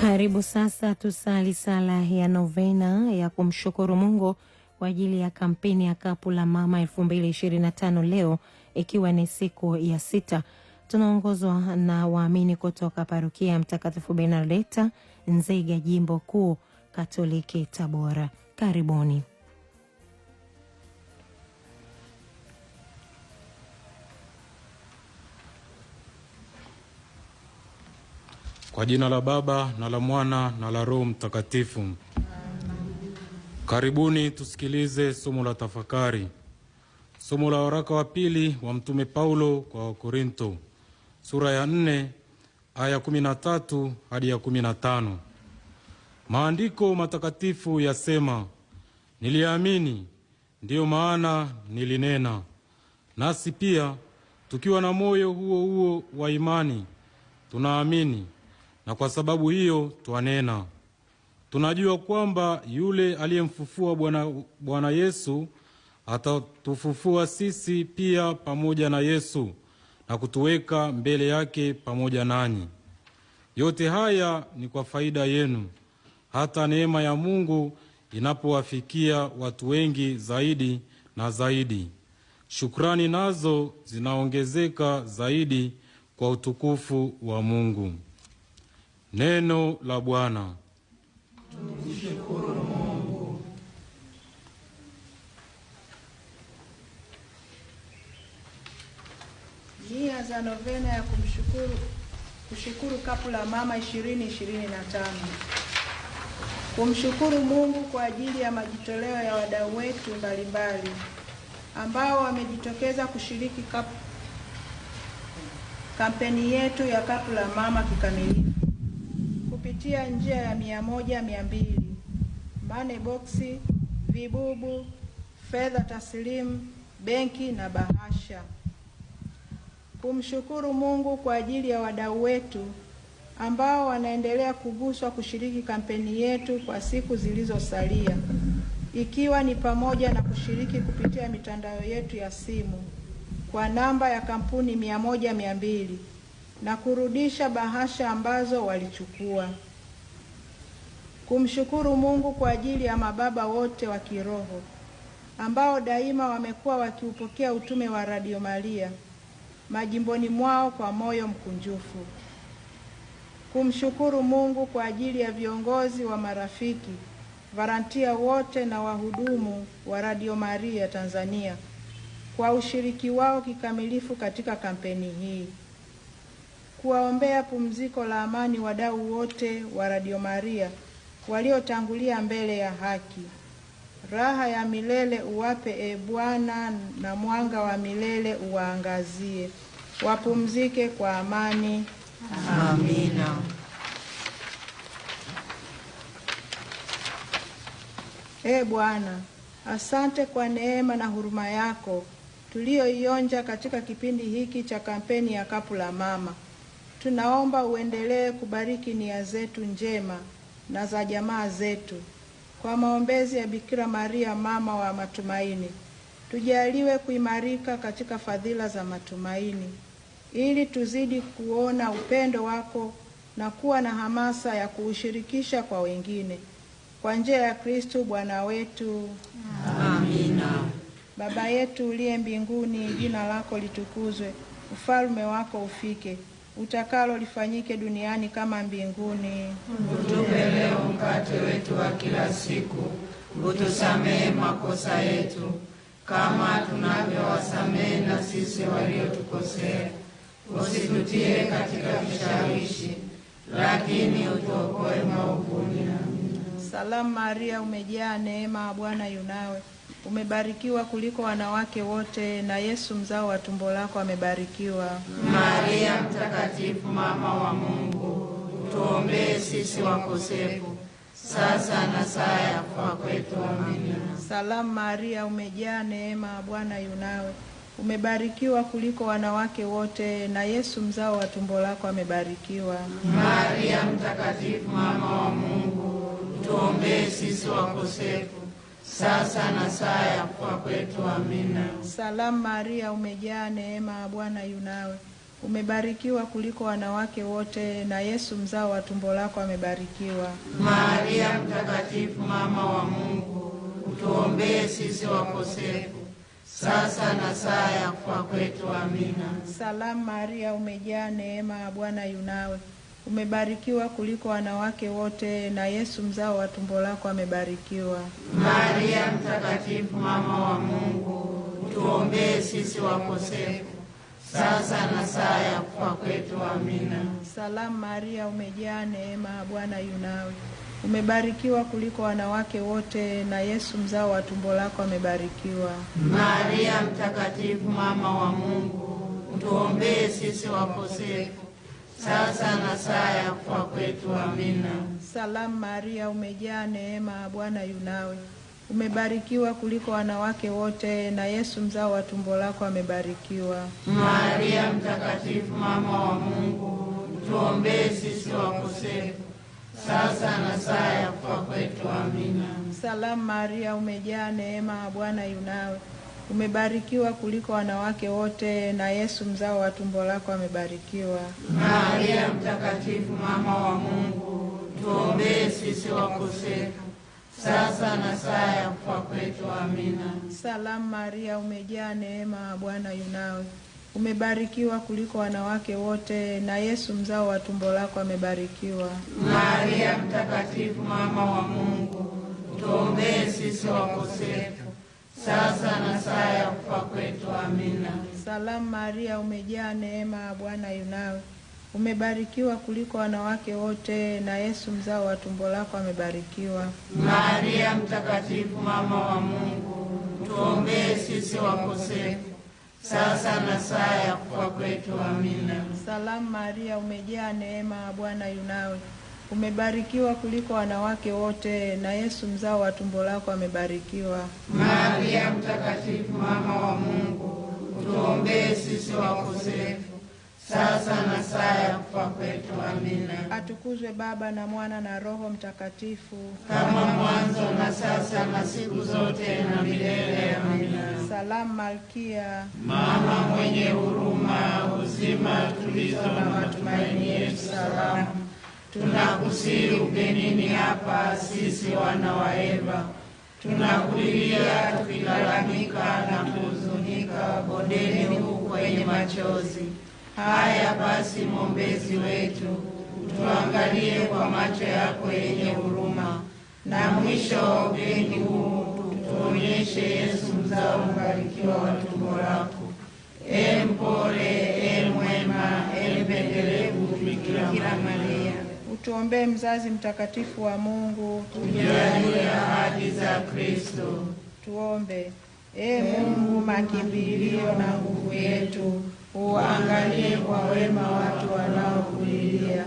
Karibu sasa tusali sala ya novena ya kumshukuru Mungu kwa ajili ya kampeni ya Kapu la Mama 2025 leo ikiwa ni siku ya sita. Tunaongozwa na waamini kutoka Parokia ya Mtakatifu Bernadeta Nzega, Jimbo Kuu Katoliki Tabora. Karibuni. Kwa jina la Baba na la Mwana na la Roho Mtakatifu. Karibuni tusikilize somo la tafakari. Somo la waraka wa pili wa Mtume Paulo kwa Wakorinto sura ya 4 aya 13 hadi ya 15. Maandiko matakatifu yasema, niliamini ndiyo maana nilinena. Nasi pia tukiwa na moyo huo huo wa imani tunaamini na kwa sababu hiyo twanena. Tunajua kwamba yule aliyemfufua Bwana, Bwana Yesu atatufufua sisi pia pamoja na Yesu na kutuweka mbele yake pamoja nanyi. Yote haya ni kwa faida yenu, hata neema ya Mungu inapowafikia watu wengi zaidi na zaidi, shukrani nazo zinaongezeka zaidi kwa utukufu wa Mungu. Neno la Bwana. Nia za novena ya kumshukuru kushukuru Kapu la Mama 2025. Kumshukuru Mungu kwa ajili ya majitoleo ya wadau wetu mbalimbali ambao wamejitokeza kushiriki kapu, kampeni yetu ya Kapu la Mama kikamilifu kupitia njia ya mia moja mia mbili, mane box, vibubu, fedha taslimu, benki na bahasha. Kumshukuru Mungu kwa ajili ya wadau wetu ambao wanaendelea kuguswa kushiriki kampeni yetu kwa siku zilizosalia, ikiwa ni pamoja na kushiriki kupitia mitandao yetu ya simu kwa namba ya kampuni mia moja mia mbili na kurudisha bahasha ambazo walichukua kumshukuru Mungu kwa ajili ya mababa wote wa kiroho ambao daima wamekuwa wakiupokea utume wa Radio Maria majimboni mwao kwa moyo mkunjufu. Kumshukuru Mungu kwa ajili ya viongozi wa marafiki, varantia wote na wahudumu wa Radio Maria Tanzania kwa ushiriki wao kikamilifu katika kampeni hii. Kuwaombea pumziko la amani wadau wote wa Radio Maria waliotangulia mbele ya haki. Raha ya milele uwape, e Bwana, na mwanga wa milele uwaangazie. Wapumzike kwa amani. Amina. E Bwana, asante kwa neema na huruma yako tuliyoionja katika kipindi hiki cha kampeni ya Kapu la Mama. Tunaomba uendelee kubariki nia zetu njema na za jamaa zetu. Kwa maombezi ya Bikira Maria mama wa matumaini, tujaliwe kuimarika katika fadhila za matumaini ili tuzidi kuona upendo wako na kuwa na hamasa ya kuushirikisha kwa wengine kwa njia ya Kristo Bwana wetu. Amina. Baba yetu uliye mbinguni, jina lako litukuzwe, ufalme wako ufike utakalo lifanyike duniani kama mbinguni. Utupe leo mkate wetu wa kila siku, utusamehe makosa yetu kama tunavyowasamehe na sisi waliotukosea, usitutie katika vishawishi, lakini utuokoe maovuni Salamu Maria, umejaa neema, Bwana yunawe, umebarikiwa kuliko wanawake wote, na Yesu mzao wa tumbo lako amebarikiwa. Maria Mtakatifu, mama wa Mungu, tuombee sisi wakosefu sasa na saa ya kufa kwetu. Amina. Salamu Maria, umejaa neema, Bwana yunawe, umebarikiwa kuliko wanawake wote, na Yesu mzao wa tumbo lako amebarikiwa. Maria Mtakatifu, mama wa Mungu Tuombee sisi wakosefu sasa na saa ya kufa kwetu. Amina. Salamu Maria, umejaa neema, Bwana yu nawe, umebarikiwa kuliko wanawake wote, na Yesu mzao wa tumbo lako amebarikiwa. Maria Mtakatifu, mama wa Mungu, utuombee sisi wakosefu sasa na saa ya kufa kwetu. Amina. Salamu Maria, umejaa neema, Bwana yu nawe Umebarikiwa kuliko wanawake wote, na Yesu mzao wa tumbo lako amebarikiwa. Maria Mtakatifu, mama wa Mungu, tuombee sisi wakosefu sasa na saa ya kufa kwetu. Amina. Salamu Maria, umejaa neema, Bwana yunawe Umebarikiwa kuliko wanawake wote, na Yesu mzao wa tumbo lako amebarikiwa. Maria Mtakatifu, mama wa Mungu, tuombee sisi wakosefu sasa na saa ya kufa kwetu. Amina. Salamu Maria, umejaa neema, Bwana yunawe, umebarikiwa kuliko wanawake wote, na Yesu mzao wa tumbo lako amebarikiwa. Maria Mtakatifu, mama wa Mungu, tuombee sisi wakosefu, sasa na saa ya kufa kwetu. Amina. Salamu Maria, umejaa neema, Bwana nawe umebarikiwa kuliko wanawake wote, na Yesu mzao wa tumbo lako amebarikiwa. Maria Mtakatifu, mama wa Mungu, tuombee sisi wakoseka, sasa na saa ya kufa kwetu. Amina. Salamu Maria, umejaa neema, Bwana yunawe umebarikiwa kuliko wanawake wote, na Yesu mzao wa tumbo lako amebarikiwa. Maria Mtakatifu, mama wa Mungu, tuombee sisi wakosefu sasa na saa ya kufa kwetu. Amina. Salamu Maria, umejaa neema, Bwana yunawe umebarikiwa kuliko wanawake wote, na Yesu mzao wa tumbo lako amebarikiwa. Maria Mtakatifu, mama wa Mungu, tuombee sisi wakosefu, sasa na saa ya kufa kwetu. Amina. Salamu Maria, umejaa neema, Bwana yunawe Umebarikiwa kuliko wanawake wote na Yesu mzao wa tumbo lako amebarikiwa. Maria mtakatifu mama wa Mungu, utuombee sisi wakosefu sasa na saa ya kufa kwetu. Amina. Atukuzwe Baba na Mwana na Roho Mtakatifu, kama mwanzo na sasa na siku zote na milele. Amina. Salamu Malkia, mama mwenye huruma, uzima, tulizo na matumaini yetu, salamu tunakusihi ugenini hapa sisi wana wa Eva, tunakulilia tukilalamika na kuhuzunika bondeni huku kwenye machozi haya. Basi mwombezi wetu, tuangalie kwa macho yako yenye huruma, na mwisho wa ugeni huu tuonyeshe Yesu mzao mbarikiwa wa tumbo lako, e mpole, e mwema, e mpendelevu Bikira Maria. Utuombee mzazi mtakatifu wa Mungu, tujalie ahadi za Kristo. Tuombe. Ee Mungu, makimbilio na nguvu yetu, uangalie kwa wema watu wanaokulilia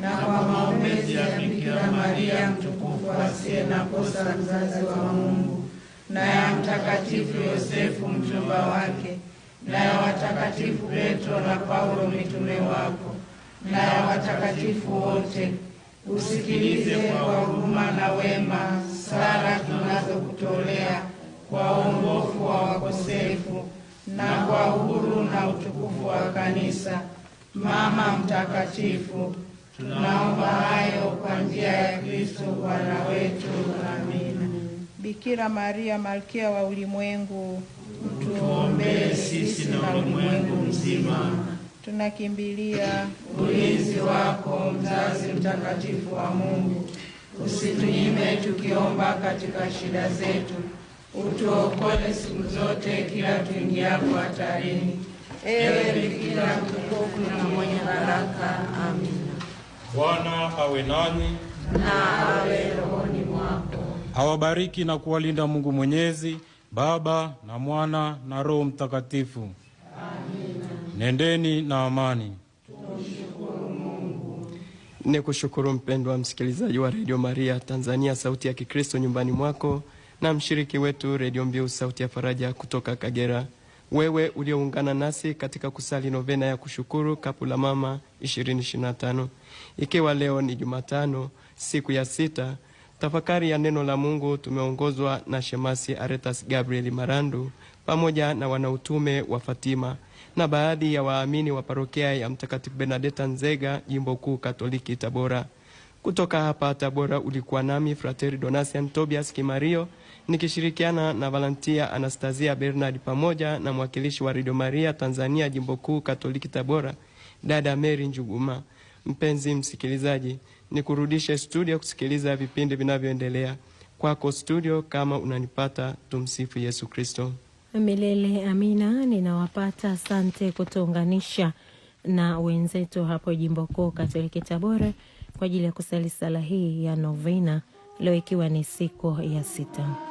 na kwa maombezi ya Bikira Maria mtukufu asiye na kosa, mzazi wa Mungu, na ya Mtakatifu Yosefu mchumba wake, na ya watakatifu Petro na Paulo mitume wako na ya watakatifu wote. Usikilize kwa huruma na wema sala tunazokutolea kwa uongofu wa wakosefu na kwa uhuru na utukufu wa Kanisa. Mama Mtakatifu, tunaomba hayo kwa njia ya Kristo Bwana wetu. Amina. Bikira Maria, malkia wa ulimwengu, mtuombee sisi na ulimwengu mzima tunakimbilia ulinzi wako, mzazi mtakatifu wa Mungu. Usitunyime tukiomba katika shida zetu, utuokole siku zote kila tuingiapo hatarini. Ewe Bikira mtukufu na mwenye baraka. Amina. Bwana awe nanyi na awe rohoni mwako. Awabariki na kuwalinda Mungu Mwenyezi, Baba na Mwana na Roho Mtakatifu. Nendeni na amani. Ni kushukuru mpendwa msikilizaji wa redio Maria Tanzania, sauti ya Kikristo nyumbani mwako, na mshiriki wetu redio Mbiu sauti ya faraja kutoka Kagera, wewe ulioungana nasi katika kusali novena ya kushukuru kapu la Mama 2025 ikiwa leo ni Jumatano, siku ya sita. Tafakari ya neno la Mungu tumeongozwa na Shemasi Aretas Gabriel Marandu pamoja na wanautume wa Fatima na baadhi ya waamini wa parokia ya Mtakatifu Bernadeta Nzega, jimbo kuu Katoliki Tabora. Kutoka hapa Tabora ulikuwa nami Frateri Donasian Tobias Kimario nikishirikiana na Valantia Anastasia Bernard pamoja na mwakilishi wa Radio Maria Tanzania jimbo kuu Katoliki Tabora, dada Mary Njuguma. Mpenzi msikilizaji, ni kurudishe studio kusikiliza vipindi vinavyoendelea. Kwako studio, kama unanipata. Tumsifu Yesu Kristo. Milele amina. Ninawapata, asante kutuunganisha na wenzetu hapo Jimbo Kuu Katoliki Tabora kwa ajili ya kusali sala hii ya novena leo ikiwa ni siku ya sita.